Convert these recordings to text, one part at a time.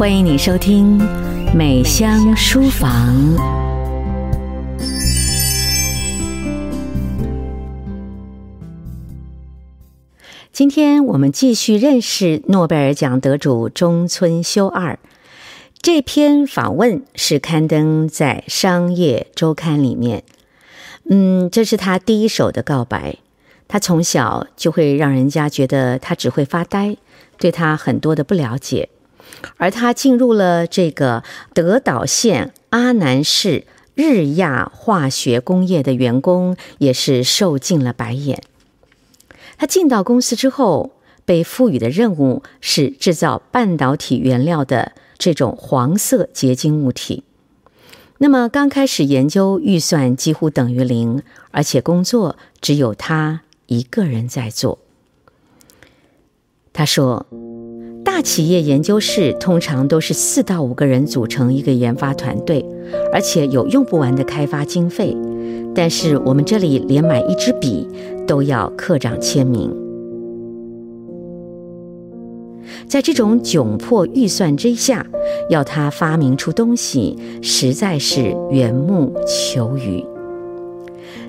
歡迎你收聽美香書房。今天我們繼續認識諾貝爾獎得主中村修二。這篇訪問是刊登在《商業周刊》裡面。嗯，這是他第一手的告白。他從小就會讓人家覺得他只會發呆，對他很多的不了解。而他進入了這個德島縣阿南市日亞化學工業的員工，也是受盡了白眼。他進到公司之後，被賦予的任務是制造半導體原料的這種黃色結晶物體。那麼剛開始研究，預算幾乎等於零，而且工作只有他一個人在做。他說。大企業研究室，通常都是四到五個人組成一個研發團隊，而且有用不完的開發經費。但是我們這裡連買一支筆都要課長簽名。在這種窘迫預算之下，要他發明出東西，實在是緣木求魚。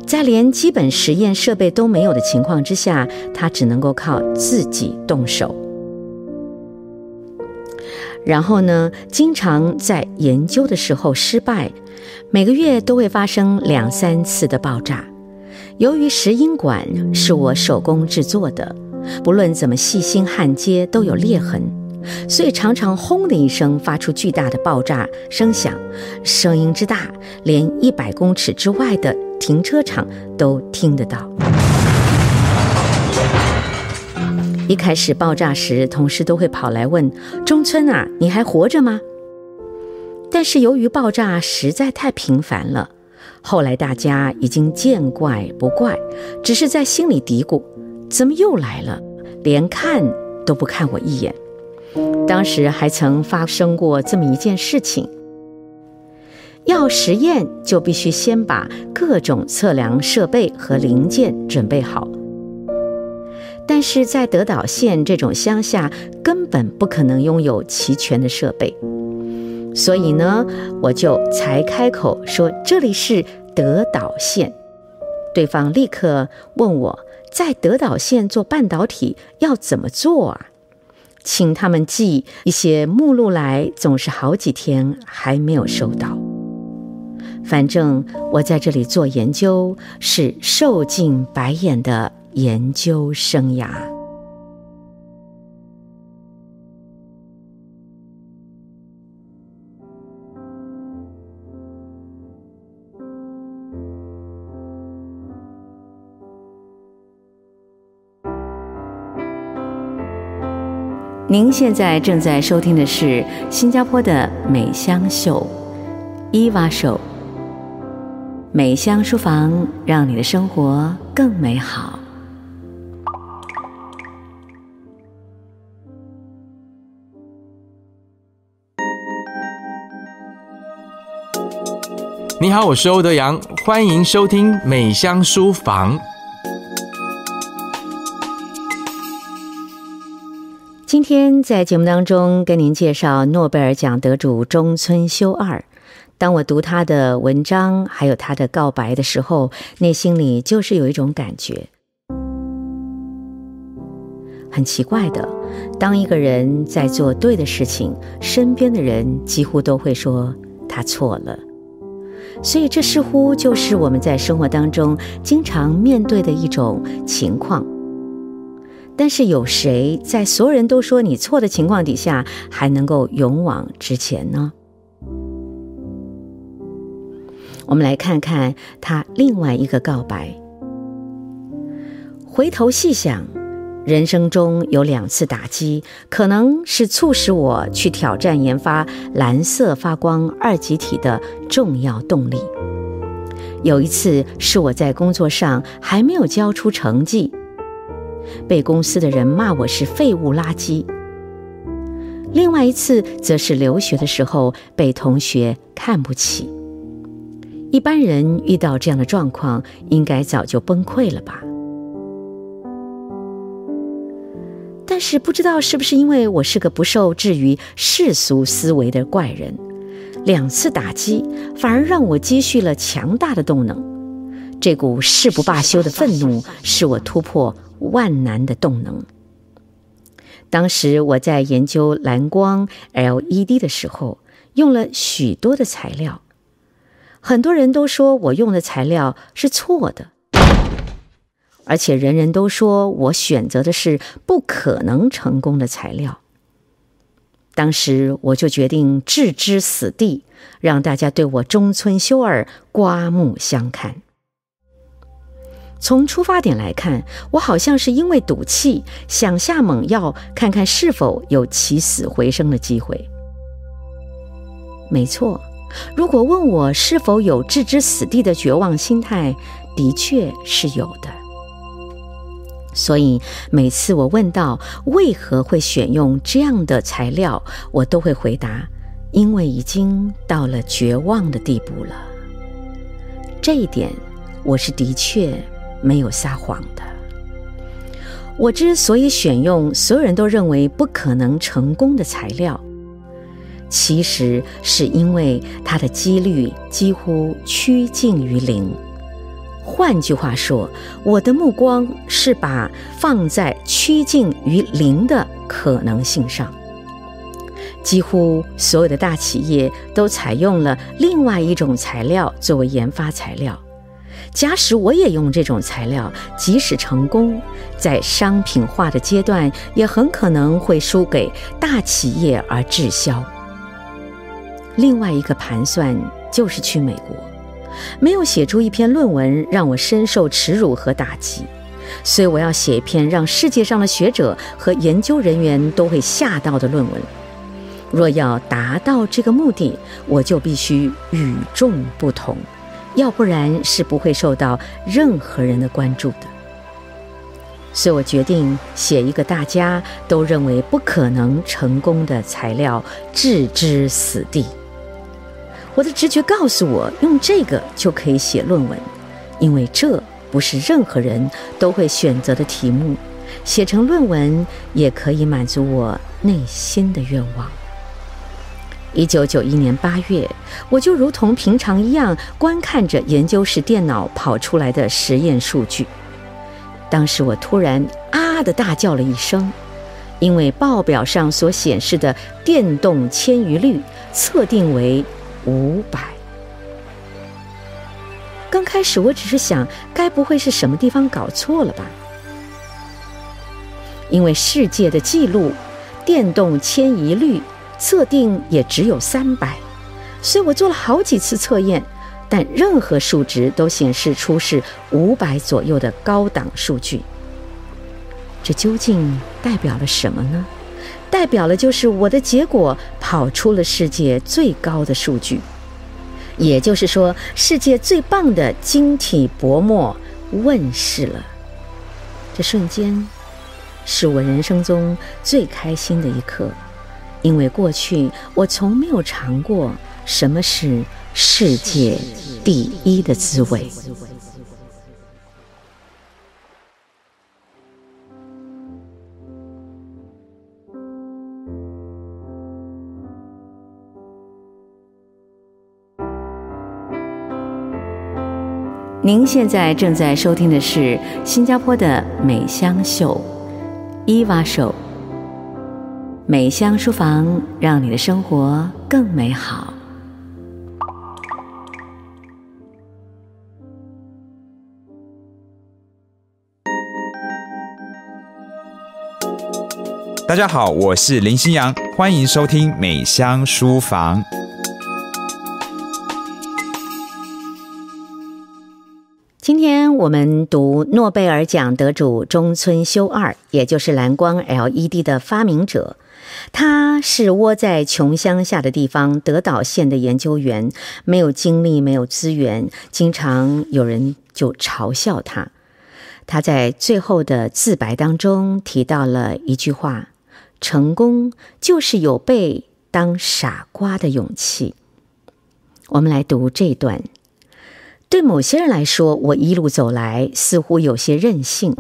在連基本實驗設備都沒有的情況之下，他只能夠靠自己動手。然後呢，經常在研究的時候失敗，每個月都會發生兩三次的爆炸。由於石英管是我手工制作的，不論怎麼細心焊接都有裂痕，所以常常轟的一聲發出巨大的爆炸聲響，聲音之大，連一百公尺之外的停車場都聽得到。一開始爆炸時，同事都會跑來問：“中村啊，你還活着嗎？”但是由於爆炸實在太頻繁了，後來大家已經見怪不怪，只是在心裡嘀咕：“怎麼又來了？連看都不看我一眼。”當時還曾發生過這麼一件事情：要實驗，就必須先把各種測量設備和零件準備好。但是在德島縣這種鄉下，根本不可能擁有齊全的設備，所以呢，我就才開口說這裡是德島縣。對方立刻問我在德島縣做半導體要怎麼做啊？請他們寄一些目錄來，總是好幾天還沒有收到。反正我在這裡做研究是受盡白眼的。研究生涯。您現在正在收聽的是新加坡的美香秀，伊娃秀。美香書房，讓你的生活更美好。你好，我是歐德陽，歡迎收聽美香書房。今天在節目當中跟您介紹諾貝爾獎得主中村修二。當我讀他的文章，還有他的告白的時候，內心裡就是有一種感覺。很奇怪的，當一個人在做對的事情，身邊的人幾乎都會說他錯了。所以，這似乎就是我們在生活當中經常面對的一種情況。但是，有誰在所有人都說你錯的情況底下，還能夠勇往直前呢？我們來看看他另外一個告白。回頭細想。人生中有兩次打擊，可能是促使我去挑戰研發藍色發光二極體的重要動力。有一次是我在工作上還沒有交出成績，被公司的人罵我是廢物垃圾；另外一次則是留學的時候被同學看不起。一般人遇到這樣的狀況，應該早就崩潰了吧？但是不知道是不是因為我是個不受制於世俗思維的怪人，兩次打擊反而讓我積蓄了強大的動能。這股誓不罷休的憤怒使我突破萬難的動能。當時我在研究藍光 LED 的時候，用了許多的材料，很多人都說我用的材料是錯的。而且人人都說我選擇的是不可能成功的材料。當時我就決定置之死地，讓大家對我中村修二刮目相看。從出發點來看，我好像是因為賭氣想下猛藥，看看是否有起死回生的機會。沒錯，如果問我是否有置之死地的絕望心態，的確是有的。所以每次我問到為何會選用這樣的材料，我都會回答：因為已經到了絕望的地步了。這一點我是的確沒有撒謊的。我之所以選用所有人都認為不可能成功的材料，其實是因為它的幾率幾乎趨近於零。換句話說，我的目光是把放在趨近於零的可能性上。幾乎所有的大企業都採用了另外一種材料作為研發材料。假使我也用這種材料，即使成功，在商品化的階段也很可能會輸給大企業而滯銷。另外一個盤算就是去美國。沒有寫出一篇論文，讓我深受恥辱和打擊，所以我要寫一篇讓世界上的學者和研究人員都會嚇到的論文。若要達到這個目的，我就必須與眾不同，要不然是不會受到任何人的關注的。所以我決定寫一個大家都認為不可能成功的材料，置之死地。我的直覺告訴我，用這個就可以寫論文，因為這不是任何人都會選擇的題目，寫成論文也可以滿足我內心的願望。一九九一年八月，我就如同平常一樣觀看着研究室電腦跑出來的實驗數據，當時我突然啊，啊的大叫了一聲，因為報表上所顯示的電動遷移率測定為五百。剛開始我只是想，該不會是什麼地方搞錯了吧？因為世界的記錄，電動遷移率測定也只有三百，所以我做了好幾次測驗，但任何數值都顯示出是五百左右的高檔數據。這究竟代表了什麼呢？代表了，就是我的結果跑出了世界最高的數據，也就是說，世界最棒的晶體薄膜問世了。這瞬間，是我人生中最開心的一刻，因為過去我從沒有嘗過什麼是世界第一的滋味。您現在正在收聽的是新加坡的美香秀伊娃秀，美香書房讓你的生活更美好。大家好，我是林新陽，歡迎收聽美香書房。我們讀諾貝爾獎得主中村修二，也就是藍光 LED 的發明者。他是窩在窮鄉下的地方，德島縣的研究員，沒有精力，沒有資源，經常有人就嘲笑他。他在最後的自白當中提到了一句話：“成功就是有被當傻瓜的勇氣。”我們來讀這段。對某些人來說，我一路走來似乎有些任性，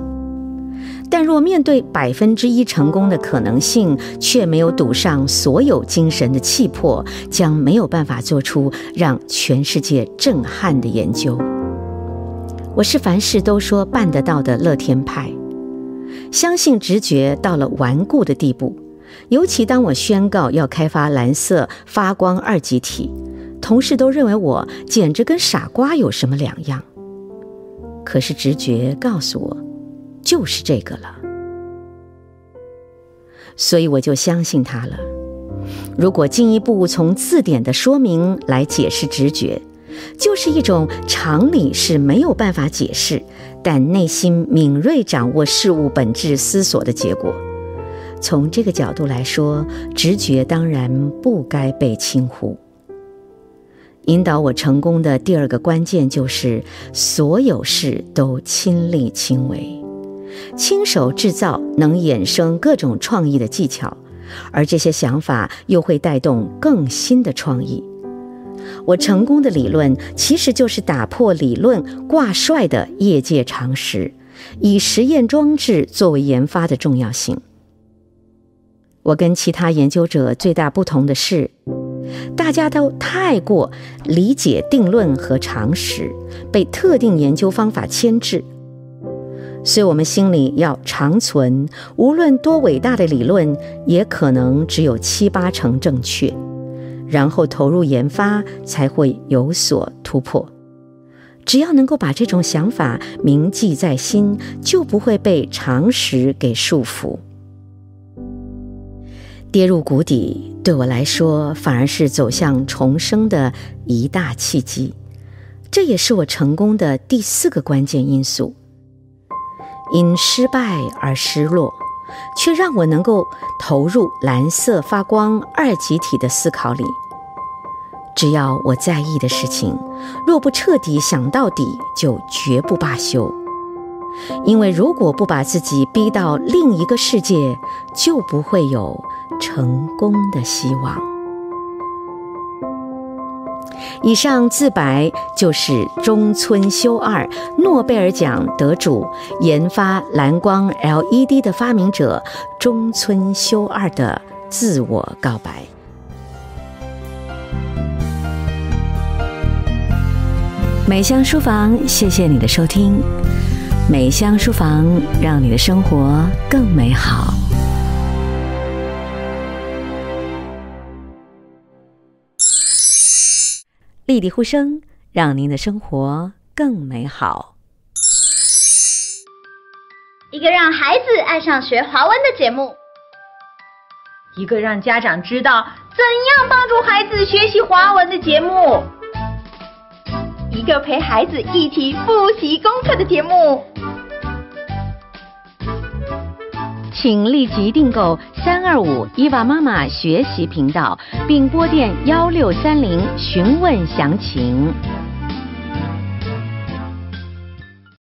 但若面對百分之一成功的可能性，卻沒有賭上所有精神的氣魄，將沒有辦法做出讓全世界震撼的研究。我是凡事都說辦得到的樂天派，相信直覺到了頑固的地步，尤其當我宣告要開發藍色發光二極體。同事都認為我簡直跟傻瓜有什麼兩樣，可是直覺告訴我，就是這個了，所以我就相信他了。如果進一步從字典的說明來解釋，直覺就是一種常理是沒有辦法解釋，但內心敏銳掌握事物本質思索的結果。從這個角度來說，直覺當然不該被輕忽。引導我成功的第二個關鍵就是，所有事都親力親為，親手製造能衍生各種創意的技巧，而這些想法又會帶動更新的創意。我成功的理論其實就是打破理論掛帥的業界常識，以實驗裝置作為研發的重要性。我跟其他研究者最大不同的是。大家都太過理解定論和常識，被特定研究方法牽制，所以我們心裡要長存，無論多偉大的理論，也可能只有七八成正確。然後投入研發才會有所突破。只要能夠把這種想法銘記在心，就不會被常識給束縛。跌入谷底，對我來說反而是走向重生的一大契機，這也是我成功的第四個關鍵因素。因失敗而失落，卻讓我能夠投入藍色發光二極體的思考裡。只要我在意的事情，若不徹底想到底，就絕不罷休。因為如果不把自己逼到另一個世界，就不會有。成功的希望。以上自白就是中村修二，諾貝爾獎得主、研發藍光 LED 的發明者中村修二的自我告白。美香書房，謝謝你的收聽。美香書房，讓你的生活更美好。美香書房，讓您的生活更美好。一個讓孩子愛上學華文的節目，一個讓家長知道怎樣幫助孩子學習華文的節目，一個陪孩子一起複習功課的節目。請立即訂購三二五伊娃媽媽學習頻道，並撥電幺六三零詢問詳情。